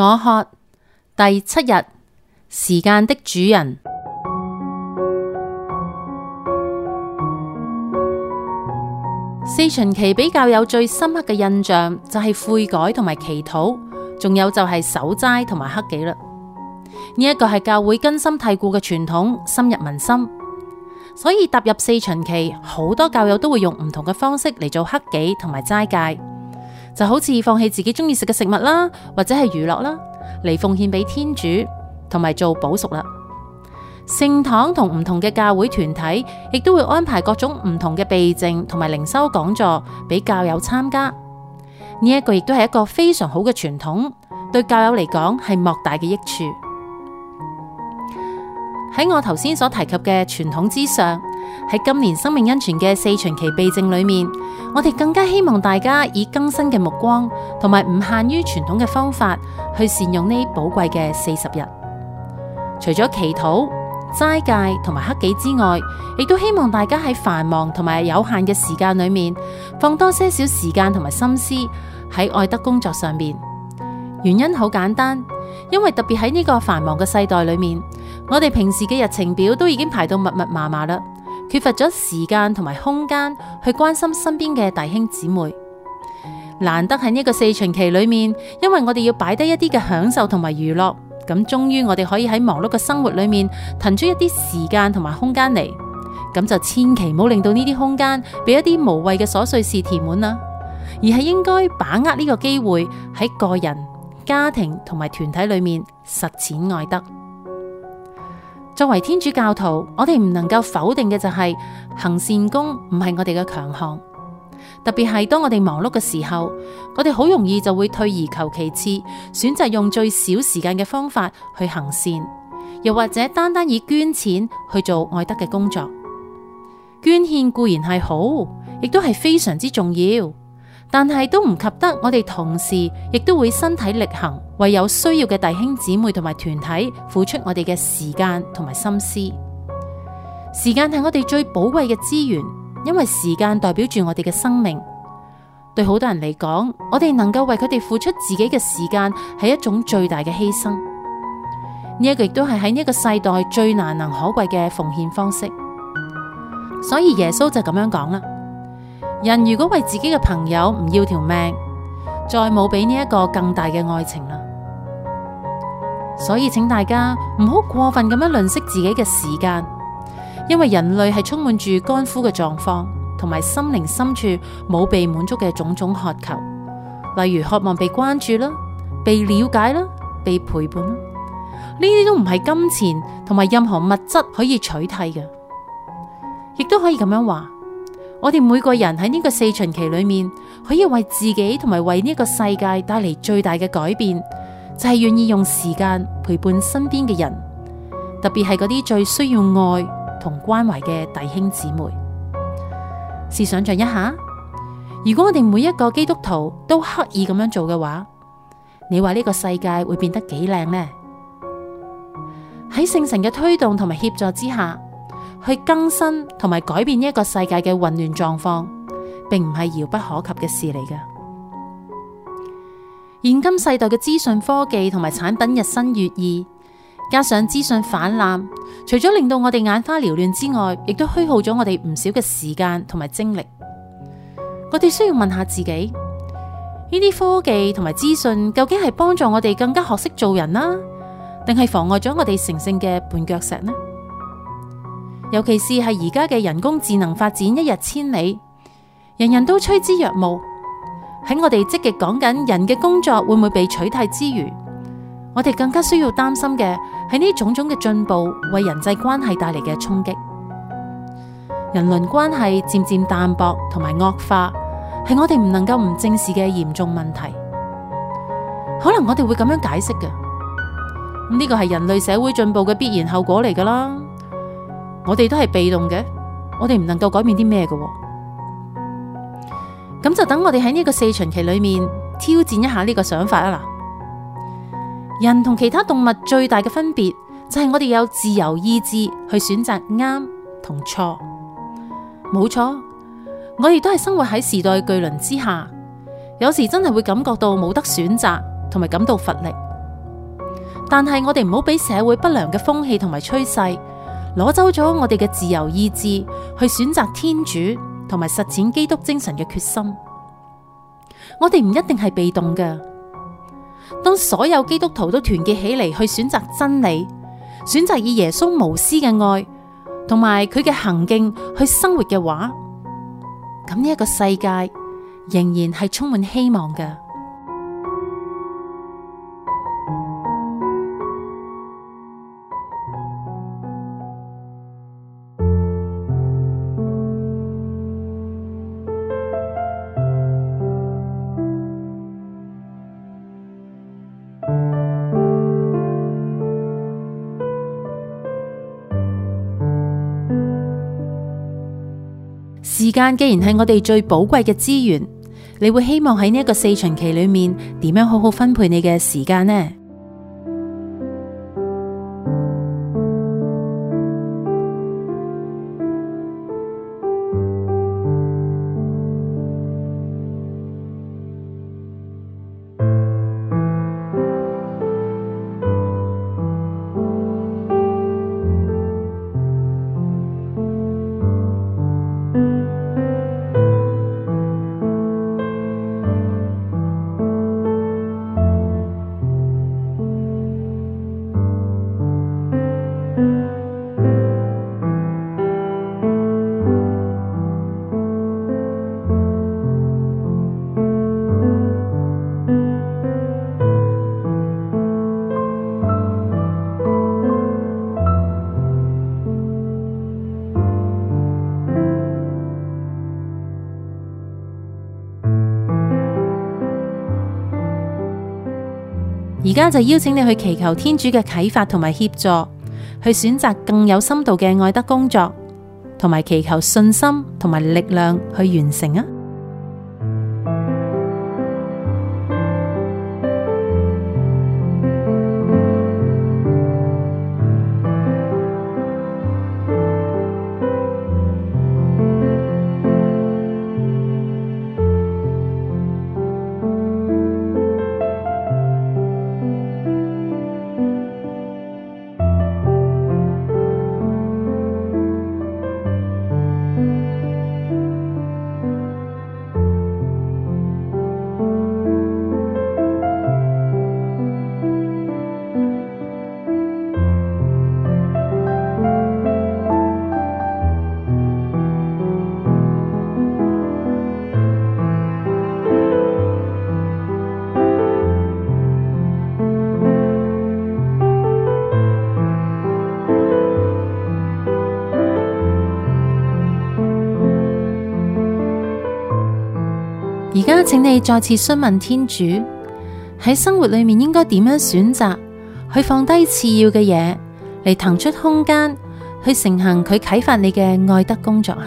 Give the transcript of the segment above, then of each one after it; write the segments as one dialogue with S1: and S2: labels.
S1: 我渴第七日，時間的主人。四旬期比教友最深刻嘅印象就係悔改同埋祈禱，仲有就係守齋同埋克己啦。呢一個係教會根深蒂固嘅傳統，深入民心。所以踏入四旬期，好多教友都會用唔同嘅方式嚟做克己同埋齋戒。就好似放棄自己鍾意食嘅食物啦，或者係娛樂啦，嚟奉獻俾天主同埋做補贖啦。聖堂同唔同嘅教會團體亦都會安排各種唔同嘅避靜同埋靈修講座俾教友參加。呢、這、一個亦都係一個非常好嘅傳統，對教友嚟講係莫大嘅益處。喺我頭先所提及嘅傳統之上。喺今年生命恩泉嘅四旬期避靜裏面，我哋更加希望大家以更新嘅目光，同埋唔限於傳統嘅方法，去善用呢寶貴嘅四十日。除咗祈禱、齋戒同埋克己之外，亦都希望大家喺繁忙同埋有限嘅時間裏面，放多些少時間同埋心思喺愛德工作上面。原因好簡單，因為特別喺呢個繁忙嘅世代裏面，我哋平時嘅日程表都已經排到密密麻麻啦。缺乏咗時間同埋空間去關心身邊嘅弟兄姊妹。難得喺呢個四旬期裏面，因為我哋要擺低一啲嘅享受同埋娛樂，咁終於我哋可以喺忙碌嘅生活裏面騰出一啲時間同埋空間嚟，咁就千祈唔好令到呢啲空間俾一啲無謂嘅瑣碎事填滿啦，而係應該把握呢個機會喺個人、家庭同埋團體裏面實踐愛德。作為天主教徒，我哋唔能夠否定嘅就係行善功唔係我哋嘅強項，特別係當我哋忙碌嘅時候，我哋好容易就會退而求其次，選擇用最少時間嘅方法去行善，又或者單單以捐錢去做愛德嘅工作。捐獻固然係好，亦都係非常之重要。但係都唔及得我哋同時，亦都會身體力行，為有需要嘅弟兄姊妹同埋團體付出我哋嘅時間同埋心思。時間係我哋最寶貴嘅資源，因為時間代表住我哋嘅生命。對好多人嚟講，我哋能夠為佢哋付出自己嘅時間，係一種最大嘅犧牲。呢一個亦都係喺呢個世代最難能可貴嘅奉獻方式。所以耶穌就咁樣講啦。人如果為自己嘅朋友唔要條命，再冇比呢一個更大嘅愛情啦。所以請大家唔好過分咁樣吝嗇自己嘅時間，因為人類係充滿住乾枯嘅狀況，同埋心靈深處冇被滿足嘅種種渴求，例如渴望被關注啦、被了解啦、被陪伴，呢啲都唔係金錢同埋任何物質可以取替嘅，亦都可以咁樣話，我哋每個人喺呢個四旬期裏面，可以為自己同埋為呢個世界帶嚟最大嘅改變，就係、是、願意用時間陪伴身邊嘅人，特別係嗰啲最需要愛同關懷嘅弟兄姊妹。試想象一下，如果我哋每一個基督徒都刻意咁樣做嘅話，你話呢個世界會變得幾靚呢？喺聖神嘅推動同埋協助之下，去更新同埋改變一個世界嘅混亂狀況，並唔係遙不可及嘅事嚟㗎。現今世代嘅資訊科技同埋產品日新月異，加上資訊氾濫，除咗令到我哋眼花繚亂之外，亦都虛耗咗我哋唔少嘅時間同埋精力。我哋需要問下自己：呢啲科技同埋資訊究竟係幫助我哋更加學識做人啦，定係妨礙咗我哋成聖嘅絆腳石呢？尤其是係而家嘅人工智能發展一日千里，人人都趨之若鶩。喺我哋積極講緊人嘅工作會唔會被取締之餘，我哋更加需要擔心嘅係呢種種嘅進步為人際關係帶嚟嘅衝擊。人倫關係漸漸淡薄同埋惡化，係我哋唔能夠唔正視嘅嚴重問題。可能我哋會咁樣解釋嘅，呢個係人類社會進步嘅必然後果嚟噶啦。我哋都係被動嘅，我哋唔能夠改變啲咩嘅。咁就等我哋喺呢個四旬期裏面挑戰一下呢個想法啊！嗱，人同其他動物最大嘅分別就係我哋有自由意志去選擇啱同錯，冇錯。我哋都係生活喺時代巨輪之下，有時真係會感覺到冇得選擇，同埋感到乏力。但係我哋唔好俾社會不良嘅風氣同埋趨勢。攞走咗我哋嘅自由意志，去選擇天主同埋實踐基督精神嘅決心。我哋唔一定係被動嘅。當所有基督徒都團結起嚟去選擇真理，選擇以耶穌無私嘅愛同埋佢嘅行徑去生活嘅話，咁呢一個世界仍然係充滿希望嘅。時間既然係我哋最寶貴嘅資源，你會希望喺呢一個四旬期裏面點樣好好分配你嘅時間呢？而家就邀請你去祈求天主嘅啟發同埋協助，去選擇更有深度嘅愛德工作，同埋祈求信心同埋力量去完成啊！請你再次詢問天主，喺生活裏面應該點樣選擇，去放低次要嘅嘢，嚟騰出空間去承行佢啟發你嘅愛德工作啊！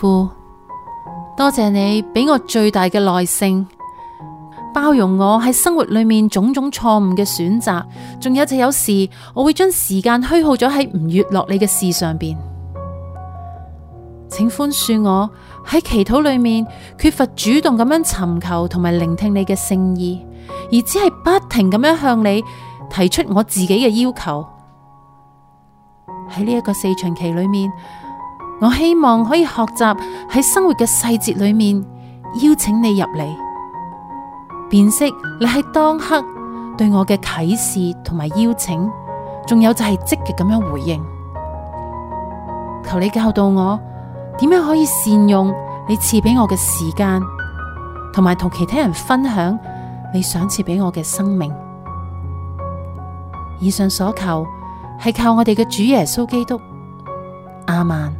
S1: 父，多謝你俾我最大嘅耐性，包容我喺生活裏面種種錯誤嘅選擇，仲有就有時我會將時間虛耗咗喺唔悅樂你嘅事上邊，請寬恕我喺祈禱裏面缺乏主動咁樣尋求同埋聆聽你嘅聖意，而只係不停咁樣向你提出我自己嘅要求喺呢一個四旬期裏面。我希望可以學習喺生活嘅細節裏面邀請你入嚟，辨識你喺當刻對我嘅啟示同埋邀請，仲有就係積極咁樣回應。求你教導我點樣可以善用你賜俾我嘅時間，同埋同其他人分享你想賜俾我嘅生命。以上所求，係靠我哋嘅主耶穌基督。亞孟。